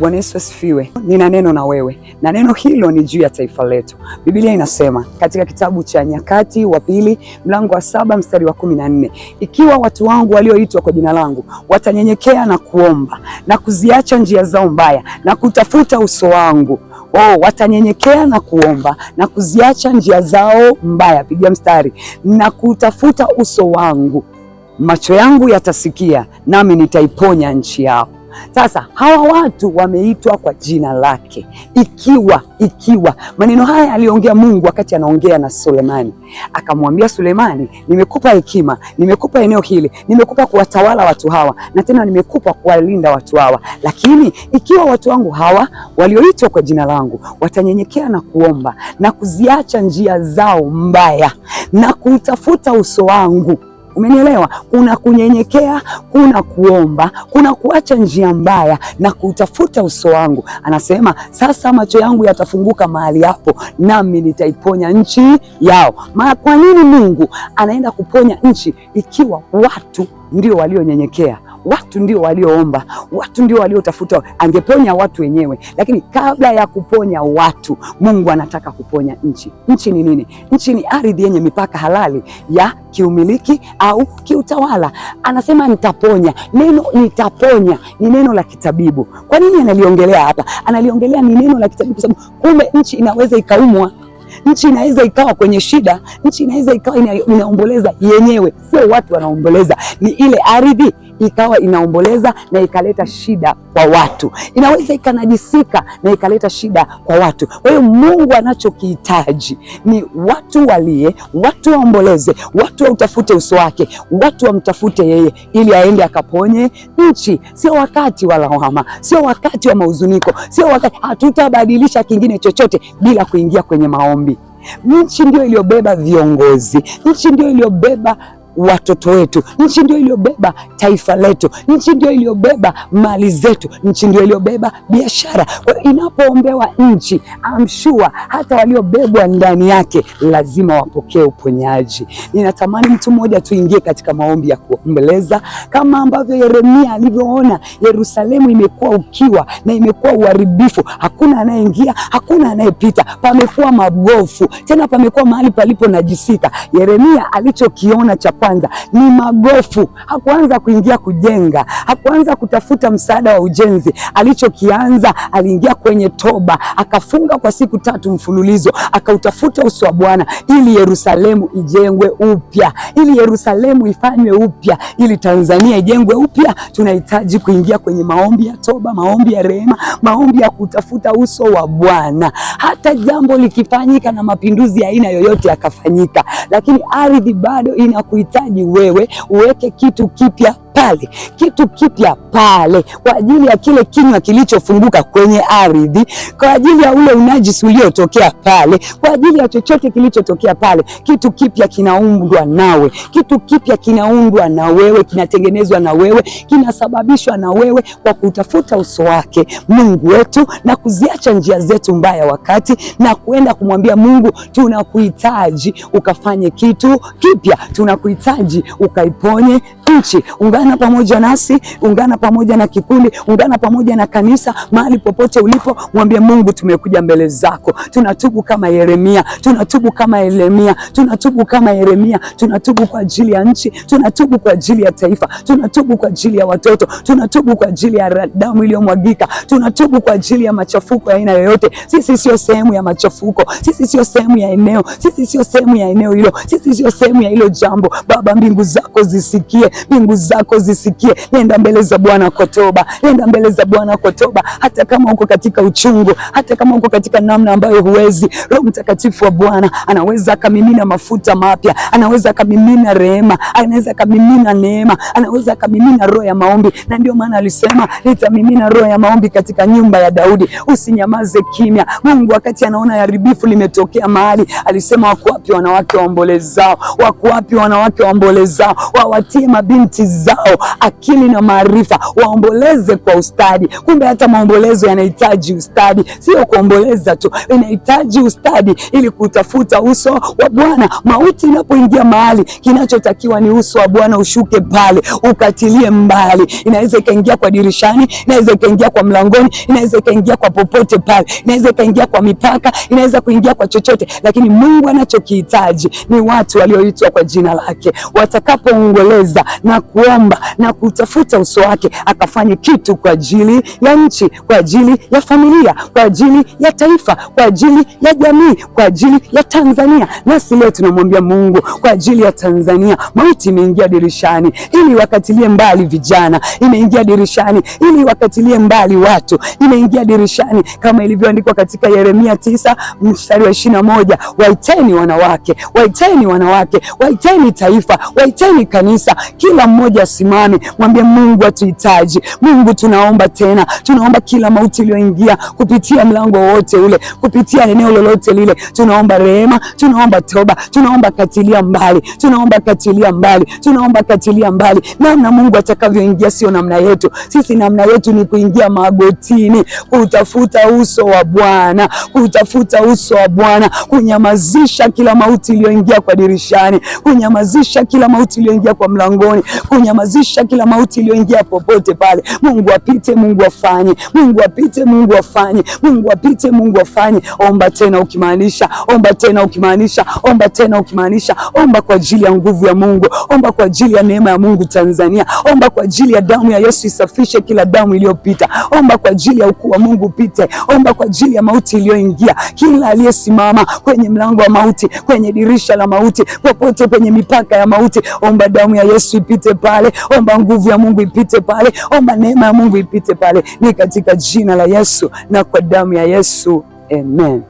Bwana Yesu asifiwe. Nina neno na wewe, na neno hilo ni juu ya taifa letu. Biblia inasema katika kitabu cha Nyakati wa Pili mlango wa saba mstari wa kumi na nne ikiwa watu wangu walioitwa kwa jina langu watanyenyekea na kuomba na kuziacha njia zao mbaya na kutafuta uso wangu Oh, watanyenyekea na kuomba na kuziacha njia zao mbaya, piga mstari, na kutafuta uso wangu, macho yangu yatasikia, nami nitaiponya nchi yao. Sasa hawa watu wameitwa kwa jina lake, ikiwa ikiwa maneno haya aliongea Mungu wakati anaongea na Sulemani, akamwambia Sulemani, nimekupa hekima, nimekupa eneo hili, nimekupa kuwatawala watu hawa, na tena nimekupa kuwalinda watu hawa, lakini ikiwa watu wangu hawa walioitwa kwa jina langu watanyenyekea na kuomba na kuziacha njia zao mbaya na kutafuta uso wangu Umenielewa? Kuna kunyenyekea, kuna kuomba, kuna kuacha njia mbaya na kutafuta uso wangu. Anasema sasa macho yangu yatafunguka mahali hapo, nami nitaiponya nchi yao. Ma, kwa nini Mungu anaenda kuponya nchi ikiwa watu ndio walionyenyekea? watu ndio walioomba, watu ndio waliotafuta. Angeponya watu wenyewe, lakini kabla ya kuponya watu, Mungu anataka kuponya nchi. Nchi ni nini? Nchi ni ardhi yenye mipaka halali ya kiumiliki au kiutawala. Anasema nitaponya. Neno nitaponya ni neno la kitabibu. Kwa nini analiongelea hapa? Analiongelea ni neno la kitabibu sababu kumbe nchi inaweza ikaumwa nchi inaweza ikawa kwenye shida, nchi inaweza ikawa inaomboleza yenyewe. Sio watu wanaomboleza, ni ile ardhi ikawa inaomboleza na ikaleta shida kwa watu, inaweza ikanajisika na ikaleta shida kwa watu. Kwa hiyo Mungu anachokihitaji ni watu walie, watu waomboleze, watu wautafute uso wake, watu wamtafute yeye ili aende akaponye nchi. Sio wakati wa lawama, sio wakati wa mahuzuniko, sio wakati. Hatutabadilisha kingine chochote bila kuingia kwenye maombi. Nchi ndio iliyobeba viongozi, nchi ndio iliyobeba watoto wetu. Nchi ndio iliyobeba taifa letu, nchi ndio iliyobeba mali zetu, nchi ndio iliyobeba biashara. Kwa hiyo inapoombewa nchi, I'm sure hata waliobebwa ndani yake lazima wapokee uponyaji. Ninatamani mtu mmoja tuingie katika maombi ya kuombeleza kama ambavyo Yeremia alivyoona Yerusalemu imekuwa ukiwa na imekuwa uharibifu, hakuna anayeingia, hakuna anayepita, pamekuwa magofu, tena pamekuwa mahali palipo najisika. Yeremia alichokiona cha kwanza ni magofu. Hakuanza kuingia kujenga, hakuanza kutafuta msaada wa ujenzi. Alichokianza, aliingia kwenye toba, akafunga kwa siku tatu mfululizo, akautafuta uso wa Bwana ili Yerusalemu ijengwe upya, ili Yerusalemu ifanywe upya, ili Tanzania ijengwe upya. Tunahitaji kuingia kwenye maombi ya toba, maombi ya rehema, maombi ya kutafuta uso wa Bwana. Hata jambo likifanyika na mapinduzi ya aina yoyote yakafanyika, lakini ardhi bado inakuita unahitaji wewe uweke kitu kipya pale, kitu kipya pale, kwa ajili ya kile kinywa kilichofunguka kwenye ardhi, kwa ajili ya ule unajisi uliotokea pale, kwa ajili ya chochote kilichotokea pale. Kitu kipya kinaundwa nawe, kitu kipya kinaundwa na wewe, kinatengenezwa na wewe, kinasababishwa na wewe, kwa kutafuta uso wake Mungu wetu na kuziacha njia zetu mbaya wakati na kuenda kumwambia Mungu, tunakuhitaji ukafanye kitu kipya, tunakuhitaji ukaiponye nchi. Ungana pamoja nasi, ungana pamoja na kikundi, ungana pamoja na kanisa. Mahali popote ulipo, mwambie Mungu, tumekuja mbele zako, tunatubu kama Yeremia, tunatubu kama Yeremia, tunatubu kama Yeremia, tunatubu kwa ajili ya nchi, tunatubu kwa ajili ya taifa, tunatubu kwa ajili ya watoto, tunatubu kwa ajili ya damu iliyomwagika, tunatubu kwa ajili ya machafuko ya aina yoyote. Sisi sio sehemu ya machafuko, sisi sio sehemu ya eneo, sisi sio sehemu ya eneo hilo, sisi sio sehemu ya hilo jambo. Baba, mbingu zako zisikie, Mbingu zako zisikie. Nenda mbele za Bwana kwa toba, nenda mbele za Bwana kwa toba, hata kama uko katika uchungu, hata kama uko katika namna ambayo huwezi. Roho Mtakatifu wa Bwana anaweza akamimina mafuta mapya, anaweza akamimina rehema, anaweza akamimina neema, anaweza akamimina roho ya maombi, na ndio maana alisema nitamimina roho ya maombi katika nyumba ya Daudi. Usinyamaze kimya. Mungu wakati anaona haribifu limetokea mahali, alisema wako wapi wanawake waombolezao? Wako wapi wanawake waombolezao? wawatie mabi binti zao akili na maarifa, waomboleze kwa ustadi. Kumbe hata maombolezo yanahitaji ustadi, sio kuomboleza tu, inahitaji ustadi ili kutafuta uso wa Bwana. Mauti inapoingia mahali, kinachotakiwa ni uso wa Bwana ushuke pale, ukatilie mbali. Inaweza ikaingia kwa dirishani, inaweza ikaingia kwa mlangoni, inaweza ikaingia kwa popote pale, inaweza ikaingia kwa mipaka, inaweza kuingia kwa chochote, lakini Mungu anachokihitaji ni watu walioitwa kwa jina lake watakapoongoleza na kuomba na kutafuta uso wake, akafanye kitu kwa ajili ya nchi, kwa ajili ya familia, kwa ajili ya taifa, kwa ajili ya jamii, kwa ajili ya Tanzania. Nasi leo tunamwambia Mungu kwa ajili ya Tanzania. Mauti imeingia dirishani ili wakatilie mbali vijana, imeingia dirishani ili wakatilie mbali watu, imeingia dirishani kama ilivyoandikwa katika Yeremia tisa mstari wa ishirini na moja waiteni wanawake, waiteni wanawake, waiteni taifa, waiteni kanisa kila mmoja asimame, mwambie Mungu atuhitaji. Mungu tunaomba tena, tunaomba kila mauti iliyoingia kupitia mlango wote ule, kupitia eneo lolote lile, tunaomba rehema, tunaomba toba, tunaomba katilia mbali, tunaomba katilia mbali, tunaomba katilia mbali. Namna Mungu atakavyoingia sio namna yetu sisi, namna yetu ni kuingia magotini, kutafuta uso wa Bwana, kutafuta uso wa Bwana, kunyamazisha kila mauti iliyoingia kwa dirishani, kunyamazisha kila mauti iliyoingia kwa mlangoni moyoni, kunyamazisha kila mauti iliyoingia popote pale. Mungu apite, Mungu afanye, Mungu apite, Mungu afanye, Mungu apite, Mungu afanye. Omba tena ukimaanisha, omba tena ukimaanisha, omba tena ukimaanisha, omba kwa ajili ya nguvu ya Mungu, omba kwa ajili ya neema ya Mungu Tanzania, omba kwa ajili ya damu ya Yesu isafishe kila damu iliyopita, omba kwa ajili ya ukuu wa Mungu upite, omba kwa ajili ya mauti iliyoingia, kila aliyesimama kwenye mlango wa mauti, kwenye dirisha la mauti, popote penye mipaka ya mauti, omba damu ya Yesu ipite pale, omba nguvu ya Mungu ipite pale, omba neema ya Mungu ipite pale, ni katika jina la Yesu na kwa damu ya Yesu, amen.